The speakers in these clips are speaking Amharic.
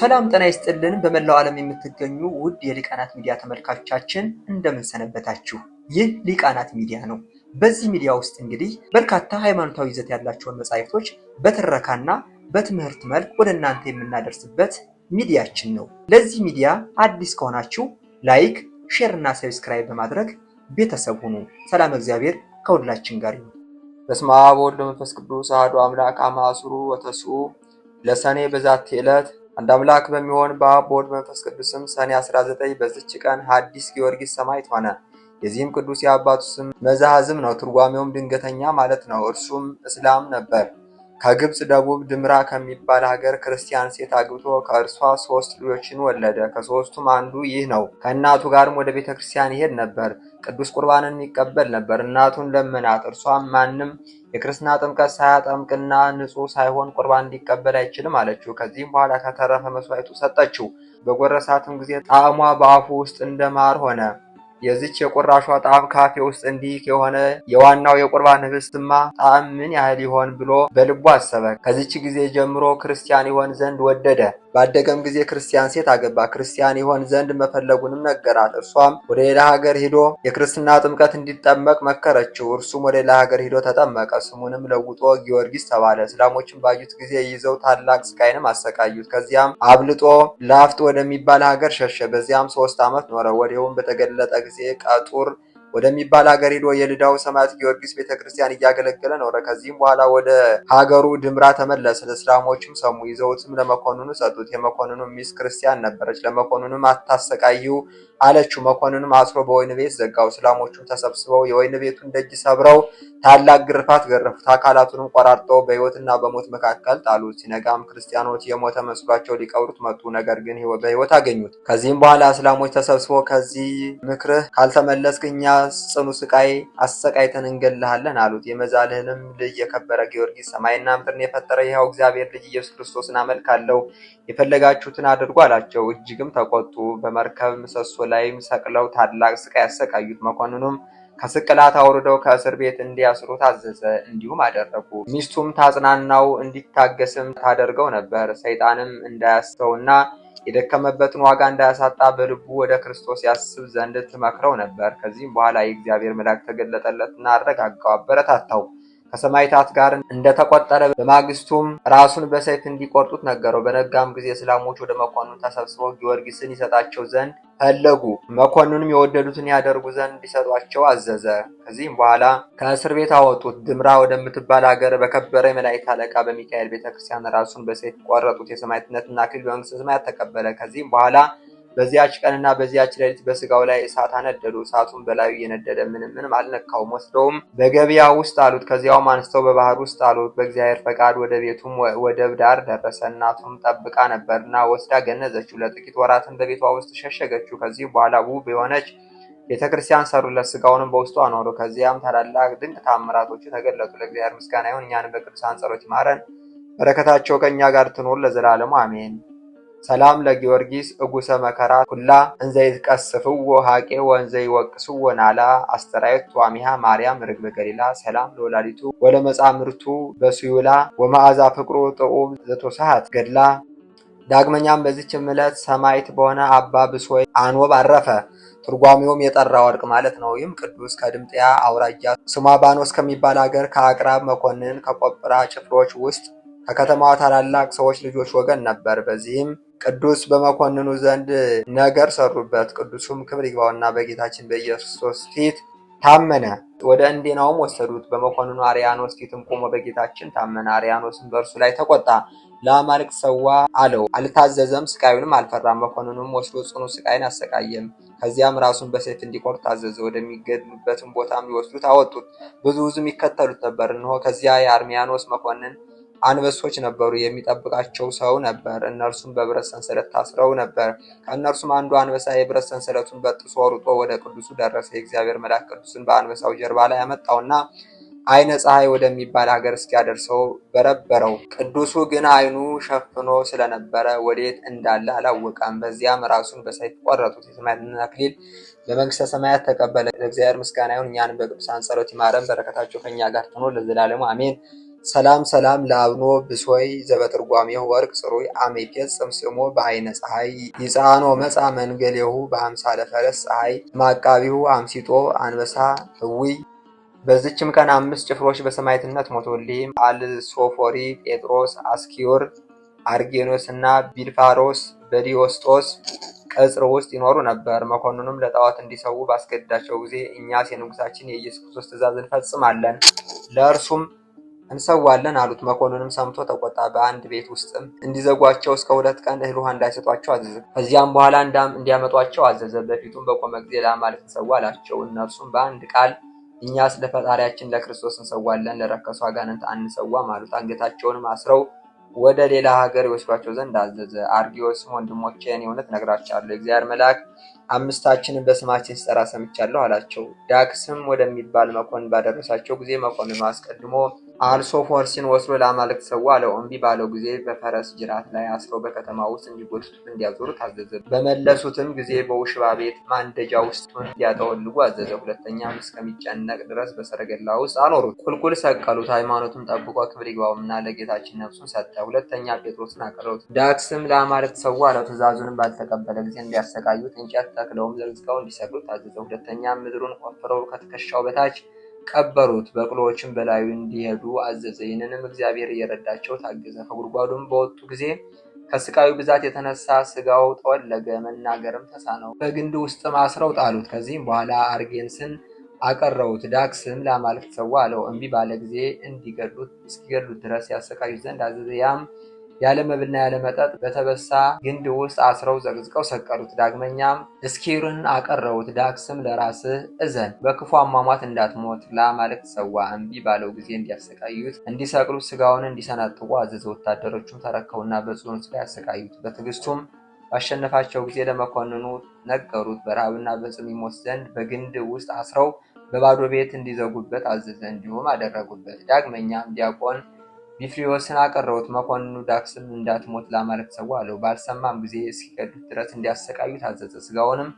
ሰላም ጤና ይስጥልን። በመላው ዓለም የምትገኙ ውድ የሊቃናት ሚዲያ ተመልካቾቻችን እንደምን ሰነበታችሁ ይህ ሊቃናት ሚዲያ ነው። በዚህ ሚዲያ ውስጥ እንግዲህ በርካታ ሃይማኖታዊ ይዘት ያላቸውን መጻሕፍቶች በትረካና በትምህርት መልክ ወደ እናንተ የምናደርስበት ሚዲያችን ነው። ለዚህ ሚዲያ አዲስ ከሆናችሁ ላይክ፣ ሼር እና ሰብስክራይብ በማድረግ ቤተሰብ ሁኑ። ሰላም እግዚአብሔር ከሁላችን ጋር ይሁን። በስመ አብ ወወልድ ወመንፈስ ቅዱስ አሐዱ አምላክ አመ ዐሥሩ ወተስዑ ለሰኔ በዛቲ ዕለት አንድ አምላክ በሚሆን በአብ በወልድ በመንፈስ ቅዱስም ሰኔ 19 በዚች ቀን ሐዲስ ጊዮርጊስ ሰማዕት ሆነ። የዚህም ቅዱስ የአባቱ ስም መዛሃዝም ነው። ትርጓሜውም ድንገተኛ ማለት ነው። እርሱም እስላም ነበር። ከግብፅ ደቡብ ድምራ ከሚባል ሀገር ክርስቲያን ሴት አግብቶ ከእርሷ ሶስት ልጆችን ወለደ። ከሶስቱም አንዱ ይህ ነው። ከእናቱ ጋርም ወደ ቤተ ክርስቲያን ይሄድ ነበር። ቅዱስ ቁርባንን ይቀበል ነበር። እናቱን ለመናት። እርሷም ማንም የክርስትና ጥምቀት ሳያጠምቅና ንጹሕ ሳይሆን ቁርባን እንዲቀበል አይችልም አለችው። ከዚህም በኋላ ከተረፈ መስዋዕቱ ሰጠችው። በጎረሳትም ጊዜ ጣዕሟ በአፉ ውስጥ እንደማር ሆነ። የዚች የቁራሿ ጣዕም ካፌ ውስጥ እንዲህ የሆነ የዋናው የቁርባን ህብስትማ ጣዕም ምን ያህል ይሆን ብሎ በልቡ አሰበ። ከዚች ጊዜ ጀምሮ ክርስቲያን ይሆን ዘንድ ወደደ። ባደገም ጊዜ ክርስቲያን ሴት አገባ። ክርስቲያን ይሆን ዘንድ መፈለጉንም ነገራት። እርሷም ወደ ሌላ ሀገር ሂዶ የክርስትና ጥምቀት እንዲጠመቅ መከረችው። እርሱም ወደ ሌላ ሀገር ሂዶ ተጠመቀ። ስሙንም ለውጦ ጊዮርጊስ ተባለ። እስላሞችን ባዩት ጊዜ ይዘው ታላቅ ስቃይንም አሰቃዩት። ከዚያም አብልጦ ላፍጥ ወደሚባል ሀገር ሸሸ። በዚያም ሶስት ዓመት ኖረ። ወዲያውም በተገለጠ ጊዜ ቀጡር ወደሚባል ሀገር ሄዶ የልዳው ሰማዕት ጊዮርጊስ ቤተክርስቲያን እያገለገለ ኖረ። ከዚህም በኋላ ወደ ሀገሩ ድምራ ተመለሰ። እስላሞችም ሰሙ፣ ይዘውትም ለመኮንኑ ሰጡት። የመኮንኑ ሚስት ክርስቲያን ነበረች። ለመኮንኑም አታሰቃዩ አለችው። መኮንንም አስሮ በወይን ቤት ዘጋው። እስላሞቹም ተሰብስበው የወይን ቤቱን ደጅ ሰብረው ታላቅ ግርፋት ገረፉት። አካላቱንም ቆራርጠው በሕይወትና በሞት መካከል ጣሉት። ሲነጋም ክርስቲያኖች የሞተ መስሏቸው ሊቀብሩት መጡ። ነገር ግን በሕይወት አገኙት። ከዚህም በኋላ እስላሞች ተሰብስበው ከዚህ ምክርህ ካልተመለስክ እኛ ጽኑ ስቃይ አሰቃይተን እንገልሃለን አሉት። የመዛልህንም ልጅ የከበረ ጊዮርጊስ ሰማይና ምድርን የፈጠረ ይኸው እግዚአብሔር ልጅ ኢየሱስ ክርስቶስን አመልካለሁ የፈለጋችሁትን አድርጉ አላቸው። እጅግም ተቆጡ። በመርከብ ምሰሶ ላይም ሰቅለው ታላቅ ስቃይ ያሰቃዩት። መኮንኑም ከስቅላት አውርደው ከእስር ቤት እንዲያስሩ ታዘዘ። እንዲሁም አደረጉ። ሚስቱም ታጽናናው፣ እንዲታገስም ታደርገው ነበር። ሰይጣንም እንዳያስተውና የደከመበትን ዋጋ እንዳያሳጣ በልቡ ወደ ክርስቶስ ያስብ ዘንድ ትመክረው ነበር። ከዚህም በኋላ የእግዚአብሔር መልአክ ተገለጠለትና አረጋጋው፣ አበረታታው። ከሰማይታት ጋር እንደተቆጠረ በማግስቱም ራሱን በሰይፍ እንዲቆርጡት ነገረው። በነጋም ጊዜ እስላሞች ወደ መኮንኑ ተሰብስበው ጊዮርጊስን ይሰጣቸው ዘንድ ፈለጉ። መኮንንም የወደዱትን ያደርጉ ዘንድ እንዲሰጧቸው አዘዘ። ከዚህም በኋላ ከእስር ቤት አወጡት። ድምራ ወደምትባል ሀገር በከበረ የመላእክት አለቃ በሚካኤል ቤተክርስቲያን ራሱን በሰይፍ ቆረጡት። የሰማዕትነትና አክሊለ መንግሥተ ሰማያት ተቀበለ። ከዚህም በኋላ በዚያች ቀንና በዚያች ሌሊት በስጋው ላይ እሳት አነደዱ። እሳቱን በላዩ እየነደደ ምንም ምንም አልነካውም። ወስደውም በገበያ ውስጥ አሉት። ከዚያውም አንስተው በባህር ውስጥ አሉት። በእግዚአብሔር ፈቃድ ወደ ቤቱም ወደብ ዳር ደረሰ። እናቱም ጠብቃ ነበርና ወስዳ ገነዘችው። ለጥቂት ወራትን በቤቷ ውስጥ ሸሸገችው። ከዚህ በኋላ ውብ የሆነች ቤተ ክርስቲያን ሰሩለት። ስጋውንም በውስጡ አኖሩ። ከዚያም ታላላቅ ድንቅ ታምራቶቹ ተገለጡ። ለእግዚአብሔር ምስጋና ይሁን፣ እኛንም በቅዱሳን ጸሎት ይማረን፣ በረከታቸው ከእኛ ጋር ትኖር ለዘላለሙ አሜን። ሰላም ለጊዮርጊስ እጉሰ መከራ ኩላ እንዘይትቀስፍዎ ሀቄ ወእንዘይወቅስዎ ናላ አስተራየት ተዋሚሃ ማርያም ርግበ ገሊላ ሰላም ለወላዲቱ ወለመጻምርቱ በስዩላ ወመዓዛ ፍቅሩ ጥዑም ዘተወስሐት ገድላ። ዳግመኛም በዚች ምለት ሰማይት በሆነ አባ ብሶይ አንወብ አረፈ። ትርጓሚውም የጠራ ወርቅ ማለት ነው። ይህም ቅዱስ ከድምጥያ አውራጃ ስሟ ባኖስ ከሚባል ሀገር ከአቅራብ መኮንን ከቆጵራ ጭፍሮች ውስጥ ከከተማዋ ታላላቅ ሰዎች ልጆች ወገን ነበር። በዚህም ቅዱስ በመኮንኑ ዘንድ ነገር ሰሩበት። ቅዱሱም ክብር ይግባውና በጌታችን በኢየሱስ ፊት ታመነ። ወደ እንዴናውም ወሰዱት። በመኮንኑ አርያኖስ ፊትም ቆሞ በጌታችን ታመነ። አርያኖስም በእርሱ ላይ ተቆጣ። ለአማልክት ሰዋ አለው። አልታዘዘም፣ ስቃዩንም አልፈራም። መኮንኑም ወስዶ ጽኑ ስቃይን አሰቃየም። ከዚያም ራሱን በሴት እንዲቆርጥ ታዘዘ። ወደሚገድሉበትም ቦታም ሊወስዱት አወጡት። ብዙ ሕዝብም ይከተሉት ነበር። እንሆ ከዚያ የአርሚያኖስ መኮንን አንበሶች ነበሩ። የሚጠብቃቸው ሰው ነበር። እነርሱም በብረት ሰንሰለት ታስረው ነበር። ከእነርሱም አንዱ አንበሳ የብረት ሰንሰለቱን በጥሶ ሩጦ ወደ ቅዱሱ ደረሰ። የእግዚአብሔር መልአክ ቅዱስን በአንበሳው ጀርባ ላይ ያመጣውና አይነ ፀሐይ ወደሚባል ሀገር እስኪያደርሰው በረበረው። ቅዱሱ ግን አይኑ ሸፍኖ ስለነበረ ወዴት እንዳለ አላወቀም። በዚያም ራሱን በሰይፍ ቆረጡት። የሰማያትና አክሊል በመንግስተ ሰማያት ተቀበለ። ለእግዚአብሔር ምስጋና ይሁን፣ እኛን በቅዱሳን ጸሎት ይማረን፣ በረከታቸው ከእኛ ጋር ትኖር ለዘላለሙ አሜን። ሰላም ሰላም ለአብኖ ብሶይ ዘበትርጓሜው ወርቅ ጽሩይ አሜቄስ ጽምስሞ በሀይነ ፀሐይ ይፃኖ መፃ መንገሌሁ በአምሳለ ለፈረስ ፀሐይ ማቃቢሁ አምሲጦ አንበሳ ህዊይ በዝችም ቀን አምስት ጭፍሮች በሰማዕትነት ሞቶልም አልሶፎሪ፣ ጴጥሮስ፣ አስኪዮር፣ አርጌኖስ እና ቢልፋሮስ በዲዮስጦስ ቅጽር ውስጥ ይኖሩ ነበር። መኮንኑም ለጣዖት እንዲሰዉ ባስገድዳቸው ጊዜ እኛስ የንጉሳችን የኢየሱስ ክርስቶስ ትእዛዝ እንፈጽማለን ለእርሱም እንሰዋለን አሉት። መኮንንም ሰምቶ ተቆጣ። በአንድ ቤት ውስጥም እንዲዘጓቸው እስከ ሁለት ቀን እህል ውሃ እንዳይሰጧቸው አዘዘ። ከዚያም በኋላ እንዲያመጧቸው አዘዘ። በፊቱም በቆመ ጊዜ ለአማልክት እንሰዋ አላቸው። እነርሱም በአንድ ቃል እኛስ ለፈጣሪያችን ለክርስቶስ እንሰዋለን፣ ለረከሱ አጋንንት አንሰዋም አሉት። አንገታቸውንም አስረው ወደ ሌላ ሀገር ይወስዷቸው ዘንድ አዘዘ። አርጊዎስም ወንድሞቼን የእውነት ነግራቸዋለሁ፣ እነግራችኋለሁ የእግዚአብሔር መልአክ አምስታችንን በስማችን ሲጠራ ሰምቻለሁ አላቸው። ዳክስም ወደሚባል መኮንን ባደረሳቸው ጊዜ መኮንኑ አስቀድሞ አልሶ ፎርሲን ወስዶ ለአማልክት ሰዋ አለው። እምቢ ባለው ጊዜ በፈረስ ጅራት ላይ አስረው በከተማ ውስጥ እንዲጎትቱት እንዲያዞሩ ታዘዘ። በመለሱትም ጊዜ በውሽባ ቤት ማንደጃ ውስጡን እንዲያጠወልጉ አዘዘ። ሁለተኛም እስከሚጨነቅ ድረስ በሰረገላ ውስጥ አኖሩት፣ ቁልቁል ሰቀሉት። ሃይማኖቱም ጠብቆ ክብር ይግባውምና ለጌታችን ነፍሱን ሰጠ። ሁለተኛ ጴጥሮስን አቀረቡት። ዳክስም ለአማልክት ሰዋ አለው። ትእዛዙንም ባልተቀበለ ጊዜ እንዲያሰቃዩት እንጨት ተክለውም ዘግዝቀው እንዲሰቅሉት ታዘዘ። ሁለተኛ ምድሩን ቆፍረው ከትከሻው በታች ቀበሩት፣ በቅሎዎችም በላዩ እንዲሄዱ አዘዘ። ይህንንም እግዚአብሔር እየረዳቸው ታገዘ። ከጉድጓዱም በወጡ ጊዜ ከስቃዩ ብዛት የተነሳ ስጋው ጠወለገ፣ መናገርም ተሳነው። በግንድ ውስጥም አስረው ጣሉት። ከዚህም በኋላ አርጌንስን አቀረቡት። ዳክስም ለአማልክት ሰዋ አለው። እምቢ ባለ ጊዜ እንዲገሉት እስኪገሉት ድረስ ያሰቃዩት ዘንድ አዘዘ። ያም ያለ መብልና ያለ መጠጥ በተበሳ ግንድ ውስጥ አስረው ዘቅዝቀው ሰቀሉት። ዳግመኛም እስኪሩን አቀረቡት። ዳክስም ለራስህ እዘን በክፉ አሟሟት እንዳትሞት ለአማልክት ሰዋ እምቢ ባለው ጊዜ እንዲያሰቃዩት እንዲሰቅሉት፣ ስጋውን እንዲሰናጥቁ አዘዘ። ወታደሮቹም ተረከውና በጽኑ ስጋ ያሰቃዩት። በትዕግስቱም ባሸነፋቸው ጊዜ ለመኮንኑ ነገሩት። በረሃብና በጽኑ ይሞት ዘንድ በግንድ ውስጥ አስረው በባዶ ቤት እንዲዘጉበት አዘዘ። እንዲሁም አደረጉበት። ዳግመኛም ዲያቆን ቢፍሪዎስን አቀረቡት። መኮንኑ ዳክስም እንዳትሞት ላማለት ሰው አለው። ባልሰማም ጊዜ እስኪገዱት ድረስ እንዲያሰቃዩ ታዘዘ። ስጋውንም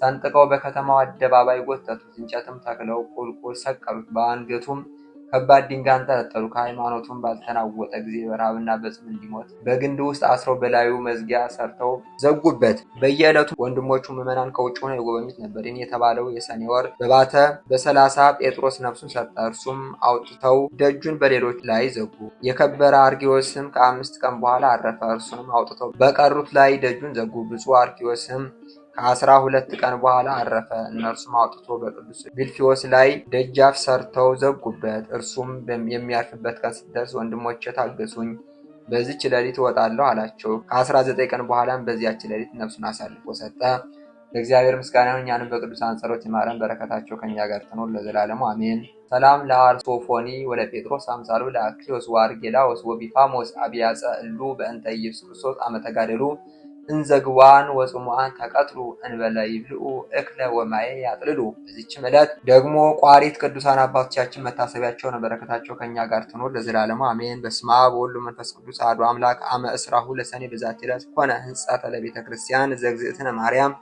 ሰንጥቀው በከተማው አደባባይ ጎተቱት። እንጨትም ተክለው ቁልቁል ሰቀሉት። በአንገቱም ከባድ ድንጋይ አንጠለጠሉ። ከሃይማኖቱም ባልተናወጠ ጊዜ በረሃብና በጽም እንዲሞት በግንድ ውስጥ አስረው በላዩ መዝጊያ ሰርተው ዘጉበት። በየዕለቱ ወንድሞቹ ምዕመናን ከውጭ ሆነው የጎበኙት ነበር። ይህን የተባለው የሰኔ ወር በባተ በሰላሳ ጴጥሮስ ነፍሱን ሰጠ። እርሱም አውጥተው ደጁን በሌሎች ላይ ዘጉ። የከበረ አርኪዎስም ከአምስት ቀን በኋላ አረፈ። እርሱንም አውጥተው በቀሩት ላይ ደጁን ዘጉ። ብፁዕ አርኪዎስም ከአስራ ሁለት ቀን በኋላ አረፈ። እነርሱም አውጥቶ በቅዱስ ቢልፊዎስ ላይ ደጃፍ ሰርተው ዘጉበት። እርሱም የሚያርፍበት ቀን ሲደርስ ወንድሞቼ ታገሱኝ፣ በዚች ሌሊት እወጣለሁ አላቸው። ከአስራ ዘጠኝ ቀን በኋላም በዚያች ሌሊት ነፍሱን አሳልፎ ሰጠ። ለእግዚአብሔር ምስጋና ይሁን፣ እኛንም በቅዱሳን ጸሎት ይማረን፣ በረከታቸው ከኛ ጋር ትኖር ለዘላለሙ አሜን። ሰላም ለአርሶፎኒ ጴጥሮስ አምሳሉ ለአክሊዮስ ወአርጌላዎስ ወቢፋሞስ አብያጸ እሉ በእንተ ኢየሱስ ክርስቶስ አመተጋደሉ እንዘግዋን ወጽሙዓን ተቀጥሉ እንበለ ይብልኡ እክለ ወማየ ያጥልሉ። በዚችም ዕለት ደግሞ ቋሪት ቅዱሳን አባቶቻችን መታሰቢያቸው ነው። በረከታቸው ከእኛ ጋር ትኖር ለዘላለሙ አሜን። በስመ አብ ወወልድ ወመንፈስ ቅዱስ አሐዱ አምላክ። አመ እስራሁ ለሰኔ በዛቲ ዕለት ኮነ ህንጸተ ለቤተ ክርስቲያን ዘግዝእትነ ማርያም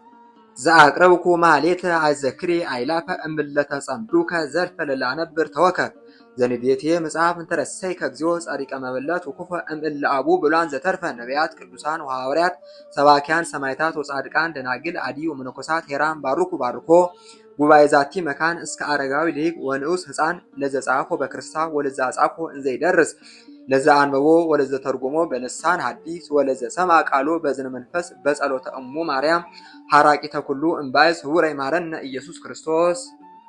ዘአቅረብኩ ማሌተ አዘክሬ አይላፈ እምለተጸምዱከ ዘርፈ ለላነብር ተወከብ ዘንዴቴ መጽሐፍ እንተረሰይ ከእግዚኦ ጻድቀ መበለት ወኩፈ እምእለ አቡ ብሏን ዘተርፈ ነቢያት ቅዱሳን ወሐዋርያት ሰባኪያን ሰማይታት ወጻድቃን ደናግል አዲ ወመነኮሳት ሄራን ባርኩ ባርኮ ጉባኤ ዛቲ መካን እስከ አረጋዊ ሊግ ወንዑስ ህፃን ለዘጻፎ በክርስታ ወለዛ ጻፎ እንዘይደርስ ለዛ አንበቦ ወለዘ ተርጎሞ በልሳን ሐዲስ ወለዘ ሰማ ቃሉ በዝነ መንፈስ በጸሎተ እሙ ማርያም ሐራቂ ተኩሉ እምባይ ስውረይ ማረነ ኢየሱስ ክርስቶስ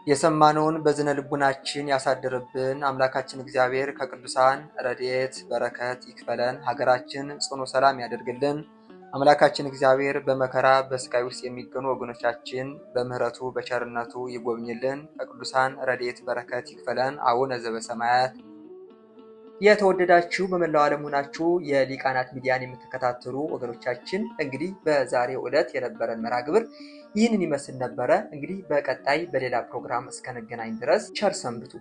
የሰማነውን በዝነ ልቡናችን ያሳደርብን አምላካችን እግዚአብሔር ከቅዱሳን ረድኤት በረከት ይክፈለን። ሀገራችን ጽኑ ሰላም ያደርግልን። አምላካችን እግዚአብሔር በመከራ በስቃይ ውስጥ የሚገኑ ወገኖቻችን በምሕረቱ በቸርነቱ ይጎብኝልን። ከቅዱሳን ረድኤት በረከት ይክፈለን። አቡነ ዘበሰማያት የተወደዳችሁ በመላው ዓለም ሆናችሁ የሊቃናት ሚዲያን የምትከታተሉ ወገኖቻችን እንግዲህ በዛሬው ዕለት የነበረን መርሃ ግብር ይህንን ይመስል ነበረ። እንግዲህ በቀጣይ በሌላ ፕሮግራም እስከነገናኝ ድረስ ቸር ሰንብቱ።